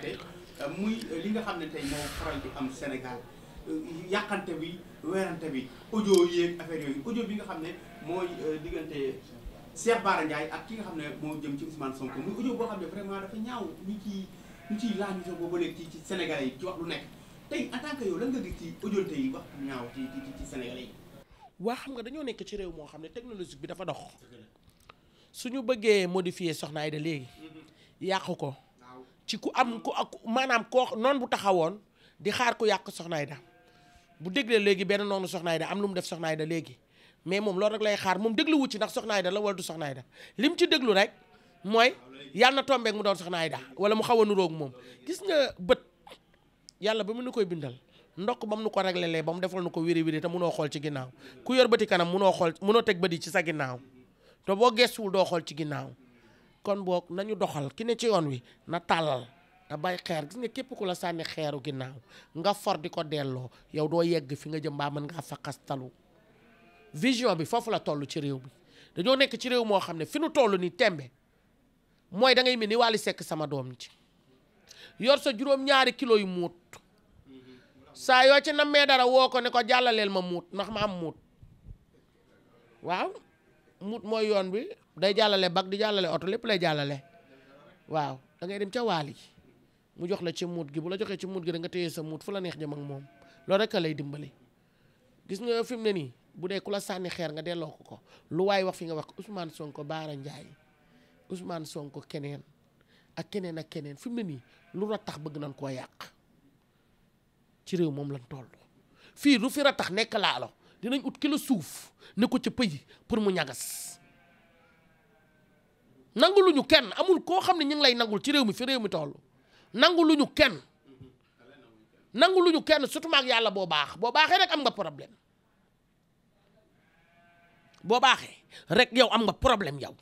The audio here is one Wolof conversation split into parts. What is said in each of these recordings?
Jaxate euh, euh, li nga xam ne tey moo faral di euh, yàqante bi weerante bi audio yeeg affaire yooyu audio bi nga xam ne mooy diggante Cheikh Bara Ndiaye ak ki nga xam ne moo jëm ci Ousmane Sonko muy audio boo vraiment ñaaw ñu ciy ñu ciy laaj sa boobu ci ci Sénégalais yi ci wax lu tant que yow lan ci audio tey ñaaw ci ci ci yi. waa xam nga dañoo nekk ci réew moo xam ne technologie bi dafa dox. su ñu bëggee modifier soxnaay de léegi. Mm-hmm. yàqu ko. ci ku am ku ak maanaam koo noonu bu taxawoon di xaar ku yàq soxnaay da bu déglee léegi benn noonu Soxna da am lu mu def Soxna Aida léegi mais moom loolu rek lay xaar moom dégluwu ci ndax Soxna Aida la wala du da li mu ci déglu rek mooy yàlla na tombeek mu doon Soxna Aida wala mu xaw a nuroog moom gis nga bët yàlla ba mu nu koy bindal. ndokk ba mu nu ko réglé ba mu defal nu ko wiri wiri te munoo xool ci ginnaaw ku yor bëti kanam munoo xool munoo teg bëti ci sa ginnaaw te boo gestuwul doo xool ci ginnaaw kon boog nañu doxal ki ne ci yoon wi na tàllal te bay xeer gis nga képp ku la sànni xeeru ginnaaw nga for di ko delloo yow doo yegg fi nga jëm baa mën ngaa faqastalu vision bi foofu la toll ci réew bi dañoo nekk ci réew moo xam ne fi nu toll nii tembe mooy dangay mel ni Wally Seck sama doom ci yor sa juróom-ñaari kilo yu muut saa yoo ci nammee dara woo ko ne ko jàllaleel ma muut ndax ma am muut waaw mut mooy yoon bi day jàllale bag di jàllale oto lépp lay jàllale waaw da ngay dem ca waali mu jox la ci muut gi bu la joxee ci muut gi da nga téye sa muut fu la neex jëm ak moom loolu rek lay dimbali gis nga fi mu ne nii bu dee ku la sànni xeer nga delloo ko ko lu waaye wax fi nga wax ko Ousmane Sonko Baara Ndiaye Ousmane Sonko keneen ak keneen ak keneen fi mu ne nii lu rattax bëgg nañ koo yàq ci réew moom lañ toll fii lu fi rattax nekk laalo dinañ ut kilo suuf ne ko ca pëy pour mu ñagas nangu lu ñu kenn amul koo xam ne ñu ngi lay nangul ci réew mi fi réew mi toll nangu lu ñu kenn nangu lu ñu kenn sutumaak yàlla boo baax boo baaxee rek am nga problème boo baaxee rek yow am nga problème yow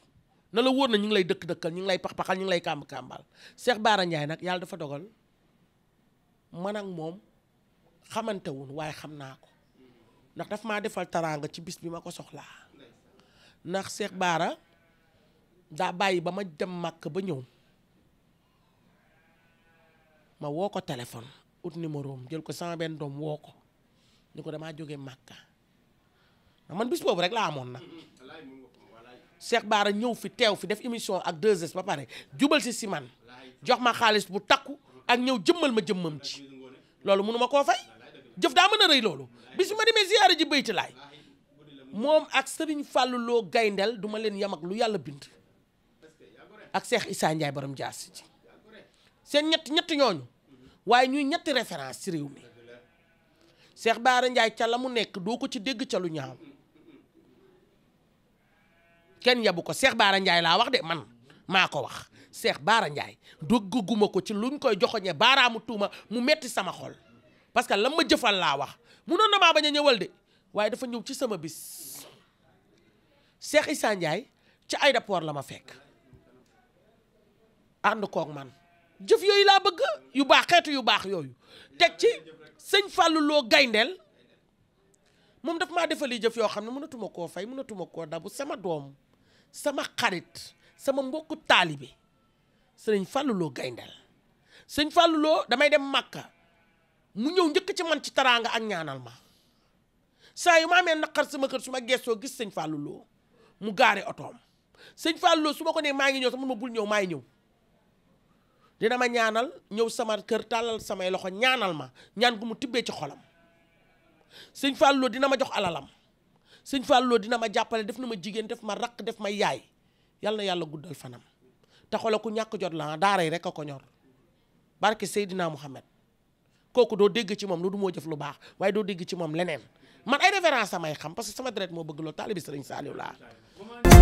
na la wóor na ñu ngi lay dëkk dëkkal ñu ngi lay pax-paxal ñu ngi lay kàmb kàmbal Cheikh Bara Ndiaye nag yàlla dafa dogal man moom xamante wuñ waaye xam naa ko ndax daf maa defal taraanga ci bis bi ma ko soxlaa ndax Cheikh Baara daa bàyyi ba ma dem màkk ba ñëw ma woo ko téléphone ut numéro jël ko sama benn doom woo ko ni ko damaa jóge màkka man bis boobu rek laa amoon nag Cheikh Baara ñëw fi teew fi def émission ak 2 ba pare jubal si si man jox ma xaalis bu takku ak ñëw jëmmal ma jëmmam ci loolu mënu ma koo fay jëf daa mën a rëy loolu bis ma demee si ji bayti moom ak sëriñ Fallou Lo gayndel duma leen yam lu yàlla bind ak seex Issa Ndiaye borom jaas ji seen ñett ñetti ñooñu waaye ñuy ñetti référence ci réew mi seex Baara Ndiaye la mu nekk doo ko ci dégg ca lu kenn yabu ko seex Baara Ndiaye laa wax de man maa ko wax seex Baara Ndiaye doggaguma ko ci luñ koy joxoñe baaraamu tuuma mu metti sama xol parce que la ma jëfal laa wax munoon na maa bañ a ñëwal de waaye dafa ñëw ci sama bis Cheikh sànjaay Ndiaye ci aéroport la ma fekk ànd koog man jëf yooyu laa bëgg yu baax xeetu yu baax yooyu teg ci sëñ Fallou Lo gayndeel moom daf maa defali jëf yoo xam ne mënatuma koo fay mënatuma koo dabu sama doom sama xarit sama mbokku taalibe sëñ Fallou gayndeel sëñ Fallou damay dem Makka mu ñëw njëkk ci man ci taraanga ak ñaanal ma saa yu ma amee naqar sama kër su ma geesoo gis sëñ Fallou Lo mu gaare otoom sëñ Fallou Lo su ma ko nee maa ngi ñëw sax man ma bul ñëw maay ñëw dina ma ñaanal ñëw sama kër tàllal samay loxo ñaanal ma ñaan gu mu tibbee ci xolam sëñ Fallou Lo dina ma jox alalam sëñ Fallou Lo dina ma jàppale def na ma jigéen def ma rakk def ma yaay yal na yàlla guddal fanam te xoola ku ñàkk jot la daaray rek a ko ñor barke Seydina Mouhamed kooku doo dégg ci moom lu du jëf lu baax waaye doo dégg ci moom leneen man ay référence samay xam parce que sama deret moo bëgg loolu taalibi sëriñ Saaliw laa